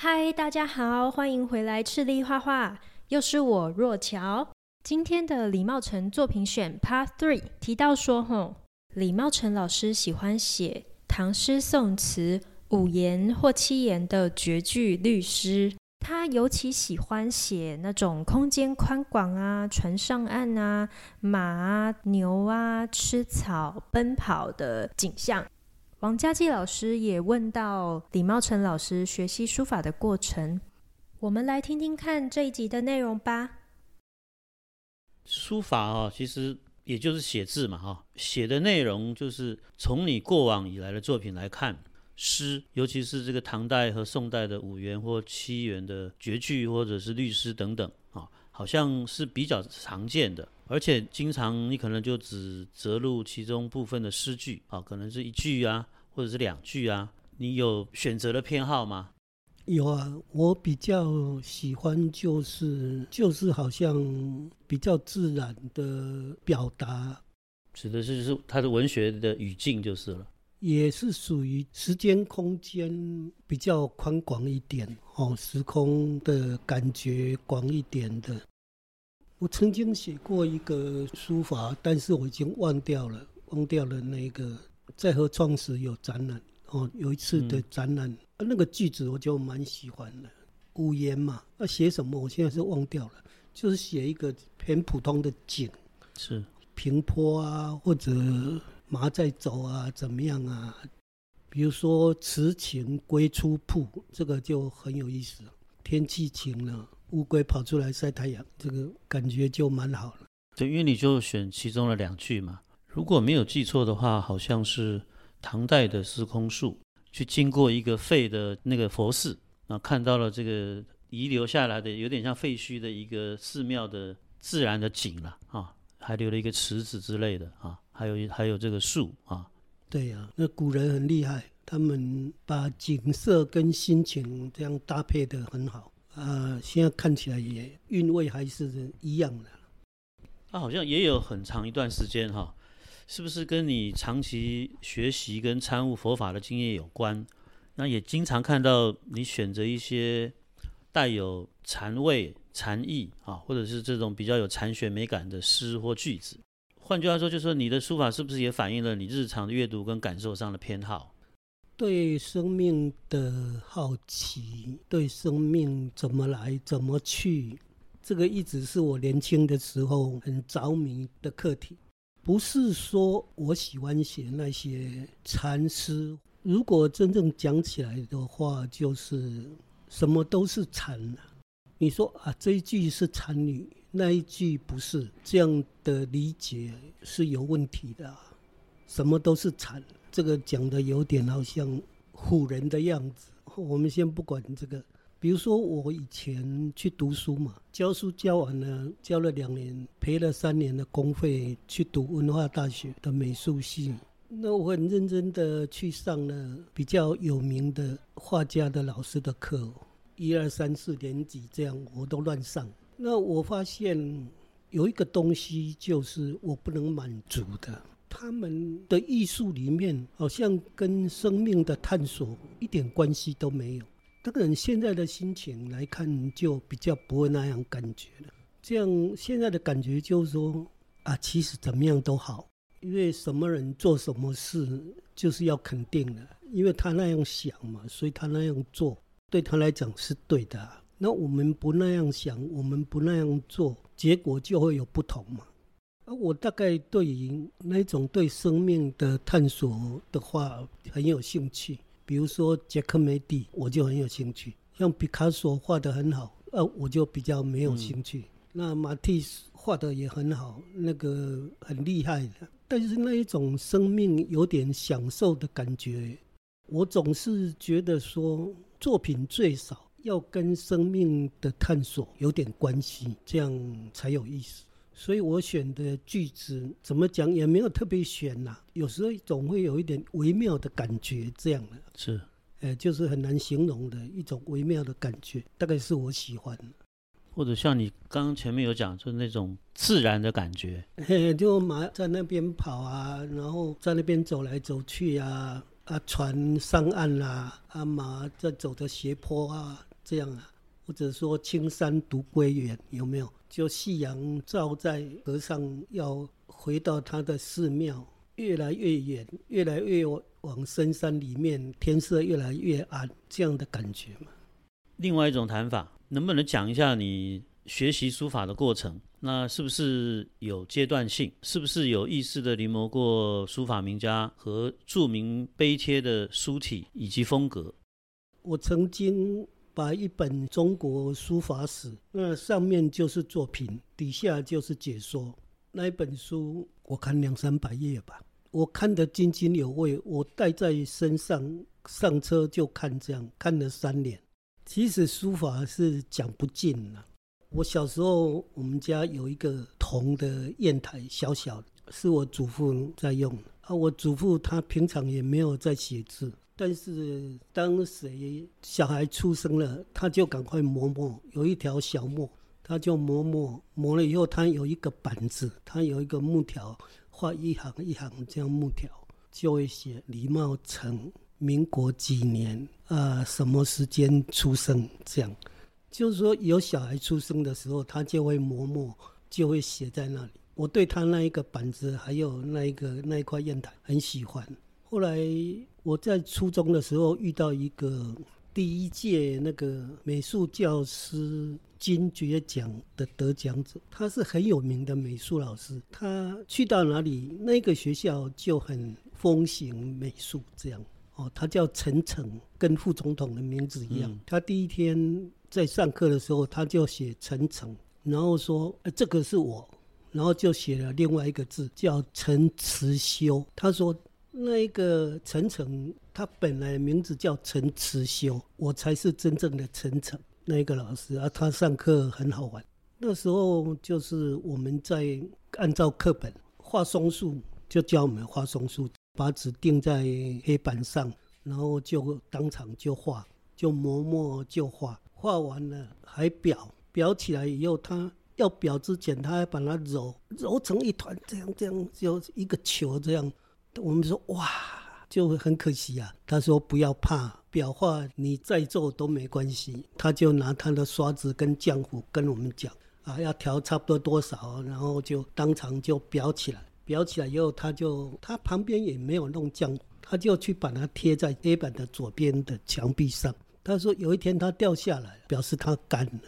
嗨，大家好，歡迎回來赤粒話畫，又是我若橋。今天的李茂成作品選 Part Three 提到說，吼，李茂成老師喜歡寫唐詩、宋詞、五言或七言的絕句、律詩。他尤其喜歡寫那種空間寬廣啊、船上岸啊、馬啊、牛啊吃草奔跑的景象。王嘉驥老師也問到李茂成老師學習書法的過程，我們來聽聽看這一集的內容吧。書法哦，其實也就是寫字嘛，哈，寫的內容就是從你過往以來的作品來看，詩，尤其是這個唐代和宋代的五元或七元的絕句，或者是律詩等等，啊，好像是比較常見的。而且經常你可能就只摘錄其中部分的詩句啊、哦，可能是一句啊，或者是兩句啊。你有選擇的偏好嗎？有啊，我比較喜歡就是就是好像比較自然的表達，指的是是它的文學的語境就是了，也是屬於時間空間比較寬廣一點哦，時空的感覺廣一點的。我曾經寫過一個書法，但是我已經忘掉了，忘掉了那個在和創始有展覽哦，有一次的展覽，嗯啊，那個句子我就蠻喜歡的，五言嘛，那、啊、寫什麼？我現在是忘掉了，就是寫一個很普通的景，是平坡啊，或者馬在走啊，怎麼樣啊？比如說“遲晴歸出鋪”，這個就很有意思，天氣晴了。嗯。烏龜跑出來曬太陽，這個感覺就蠻好了。對，因為你就選其中的兩句嘛。如果沒有記錯的話，好像是唐代的司空曙去經過一個廢的那個佛寺，啊，看到了這個遺留下來的有點像廢墟的一個寺廟的自然的景了啊，啊，還留了一個池子之類的啊，還有還有這個樹啊。對呀、啊，那古人很厲害，他們把景色跟心情這樣搭配得很好。呃、啊，現在看起來也韻味還是一樣的。那、啊、好像也有很長一段時間哈、哦，是不是跟你長期學習跟參悟佛法的經驗有關？那也經常看到你選擇一些帶有禪味、禪意啊，或者是這種比較有禪學美感的詩或句子。換句話說，就是說你的書法是不是也反映了你日常的閱讀跟感受上的偏好？對生命的好奇，對生命怎麼來、怎麼去，這個一直是我年輕的時候很着迷的課題。不是說我喜歡寫那些禪詩，如果真正講起來的話，就是什麼都是禪啊。你說啊，這一句是禪語，那一句不是，這樣的理解是有問題的啊。什麼都是禪。這個講的有點好像唬人的樣子，我們先不管這個。比如說我以前去讀書嘛，教書教完了，教了兩年，賠了三年的公費去讀文化大學的美術系。那我很認真的去上了比較有名的畫家的老師的課，哦，一二三四年級這樣我都亂上。那我發現有一個東西就是我不能滿足的，他們的藝術裡面，好像跟生命的探索一點關係都沒有。這個人現在的心情來看，就比較不會那樣感覺了。這樣現在的感覺就是說，啊，其實怎麼樣都好，因為什麼人做什麼事就是要肯定的，因為他那樣想嘛，所以他那樣做，對他來講是對的啊。那我們不那樣想，我們不那樣做，結果就會有不同嘛。啊，我大概對於那一種對生命的探索的話很有興趣。比如說傑克梅蒂，我就很有興趣。像畢卡索畫得很好，呃、啊，我就比較沒有興趣。嗯、那馬蒂斯畫得也很好，那個很厲害的。但是那一種生命有點享受的感覺，我總是覺得說，作品最少要跟生命的探索有點關係，這樣才有意思。所以我選的句子怎麼講，也沒有特別選吶、啊，有時候總會有一點微妙的感覺這樣的，是，呃、欸，就是很難形容的一種微妙的感覺，大概是我喜歡。或者像你剛剛前面有講，就是那種自然的感覺，嘿，就馬在那邊跑啊，然後在那邊走來走去啊，啊，船上岸啦、啊，啊，馬在走着斜坡啊，這樣啊，或者說青山獨歸遠，有沒有？就夕陽照在和尚，要回到他的寺廟，越來越遠，越來越往深山裡面，天色越來越暗，這樣的感覺嘛。另外一種談法，能不能講一下你學習書法的過程？那是不是有階段性？是不是有意識地臨摹過書法名家和著名碑帖的書體以及風格？我曾經。把一本中國書法史，那上面就是作品，底下就是解說。那一本書我看兩三百頁吧，我看得津津有味。我帶在身上，上車就看，這樣看了三年。其實書法是講不盡的啊。我小時候，我們家有一個銅的硯台，小小的，是我祖父在用。啊，我祖父他平常也沒有在寫字。但是，當誰小孩出生了，他就趕快磨墨。有一條小墨，他就磨墨，磨了以後，他有一個板子，他有一個木條，畫一行一行這樣木條，就會寫李茂成民國幾年啊、呃，什麼時間出生這樣。就是說，有小孩出生的時候，他就會磨墨，就會寫在那裡。我對他那一個板子，還有那一個那一塊硯台，很喜歡。後來。我在初中的時候遇到一個第一屆那個美術教師金爵獎的得獎者，他是很有名的美術老師。他去到哪裡，那個學校就很風行美術這樣。哦，他叫陳誠，跟副總統的名字一樣。嗯。他第一天在上課的時候，他就寫陳誠，然後說，呃，這個是我，然後就寫了另外一個字叫陳慈修。他說。那一個陳誠，他本來名字叫陳慈修，我才是真正的陳誠。那一個老師啊，他上課很好玩。那時候就是我們在按照課本畫松樹，就教我們畫松樹，把紙釘在黑板上，然後就當場就畫，就磨墨就畫，畫完了還裱，裱起來以後，他要裱之前他還把它揉揉成一團，這樣這樣，這樣就一個球這樣。我們說哇，就很可惜啊。他說不要怕，裱畫你再做都沒關係。他就拿他的刷子跟漿糊跟我們講啊，要調差不多多少，然後就當場就裱起來。裱起來以後，他就他旁邊也沒有弄漿糊，他就去把它貼在黑板的左邊的牆壁上。他說有一天他掉下來，表示他乾了。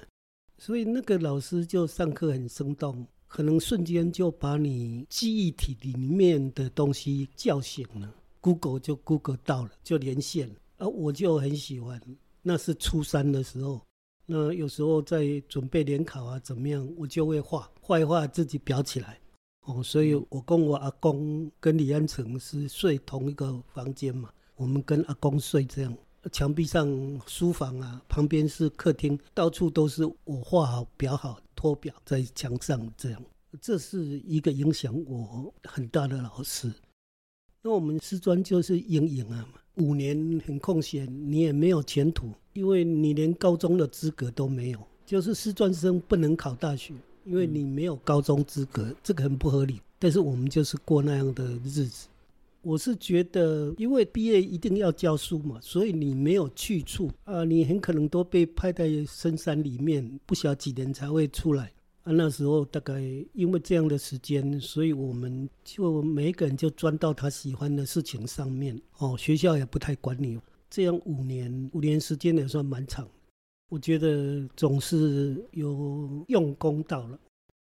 所以那個老師就上課很生動。可能瞬間就把你記憶體裡面的東西叫醒了，Google 就 Google 到了，就連線了。啊，而我就很喜歡。那是初三的時候，那有時候在準備聯考啊，怎麼樣，我就會畫畫一畫自己裱起來。哦，所以我跟我阿公跟李安成是睡同一個房間嘛，我們跟阿公睡這樣，牆壁上書房啊，旁邊是客廳，到處都是我畫好裱好的。托裱在牆上，這樣，這是一個影響我很大的老師。那我們師專就是陰影啊，五年很空閒，你也沒有前途，因為你連高中的資格都沒有。就是師專生不能考大學，因為你沒有高中資格。嗯，這個很不合理。但是我們就是過那樣的日子。我是覺得，因為畢業一定要教書嘛，所以你沒有去處啊，你很可能都被派在深山裡面，不曉得幾年才會出來啊。那時候大概因為這樣的時間，所以我們就每一個人就鑽到他喜歡的事情上面哦。學校也不太管你，這樣五年五年時間也算蠻長。我覺得總是有用功到了，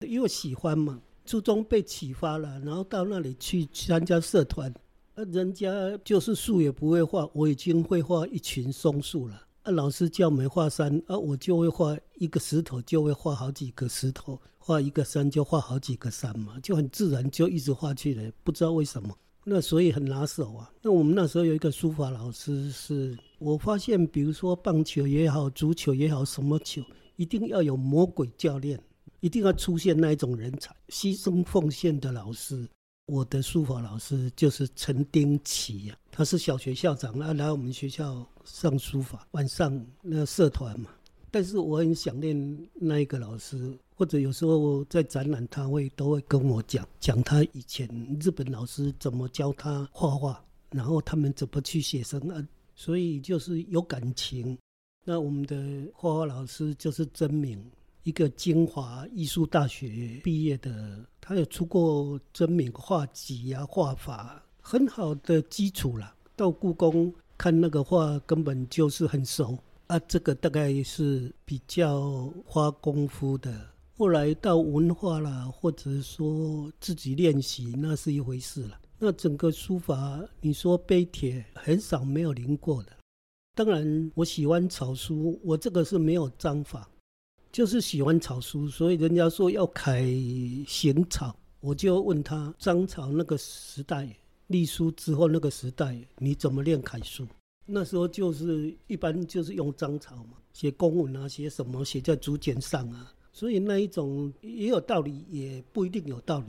因為喜歡嘛。初中被啟發了，然後到那裡去參加社團。呃，人家就是樹也不會畫，我已經會畫一群松樹了。啊，老師教我們畫山，啊，我就會畫一個石頭，就會畫好幾個石頭，畫一個山就畫好幾個山嘛，就很自然，就一直畫去了，不知道為什麼，那所以很拿手啊。那我們那時候有一個書法老師，是，我發現，比如說棒球也好，足球也好，什麼球，一定要有魔鬼教練，一定要出現那一種人才，犧牲奉獻的老師。我的書法老師就是陳丁奇呀，他是小學校長，啊，來我們學校上書法，晚上那社團嘛。但是我很想念那一個老師，或者有時候我在展覽，他會都會跟我講講他以前日本老師怎麼教他畫畫，然後他們怎麼去寫生啊，所以就是有感情。那我們的畫畫老師就是真名。一個精華藝術大學畢業的，他有出過真名畫集呀，啊，畫法很好的基礎啦。到故宮看那個畫，根本就是很熟啊。這個大概也是比較花功夫的。後來到文化啦，或者說自己練習，那是一回事了。那整個書法，你說碑帖很少沒有臨過的。當然，我喜歡草書，我這個是沒有章法。就是喜歡草書，所以人家說要楷、行、草，我就問他：章草那個時代，隸書之後那個時代，你怎麼練楷書？那時候就是一般就是用章草嘛，寫公文啊，寫什麼，寫在竹簡上啊。所以那一種也有道理，也不一定有道理。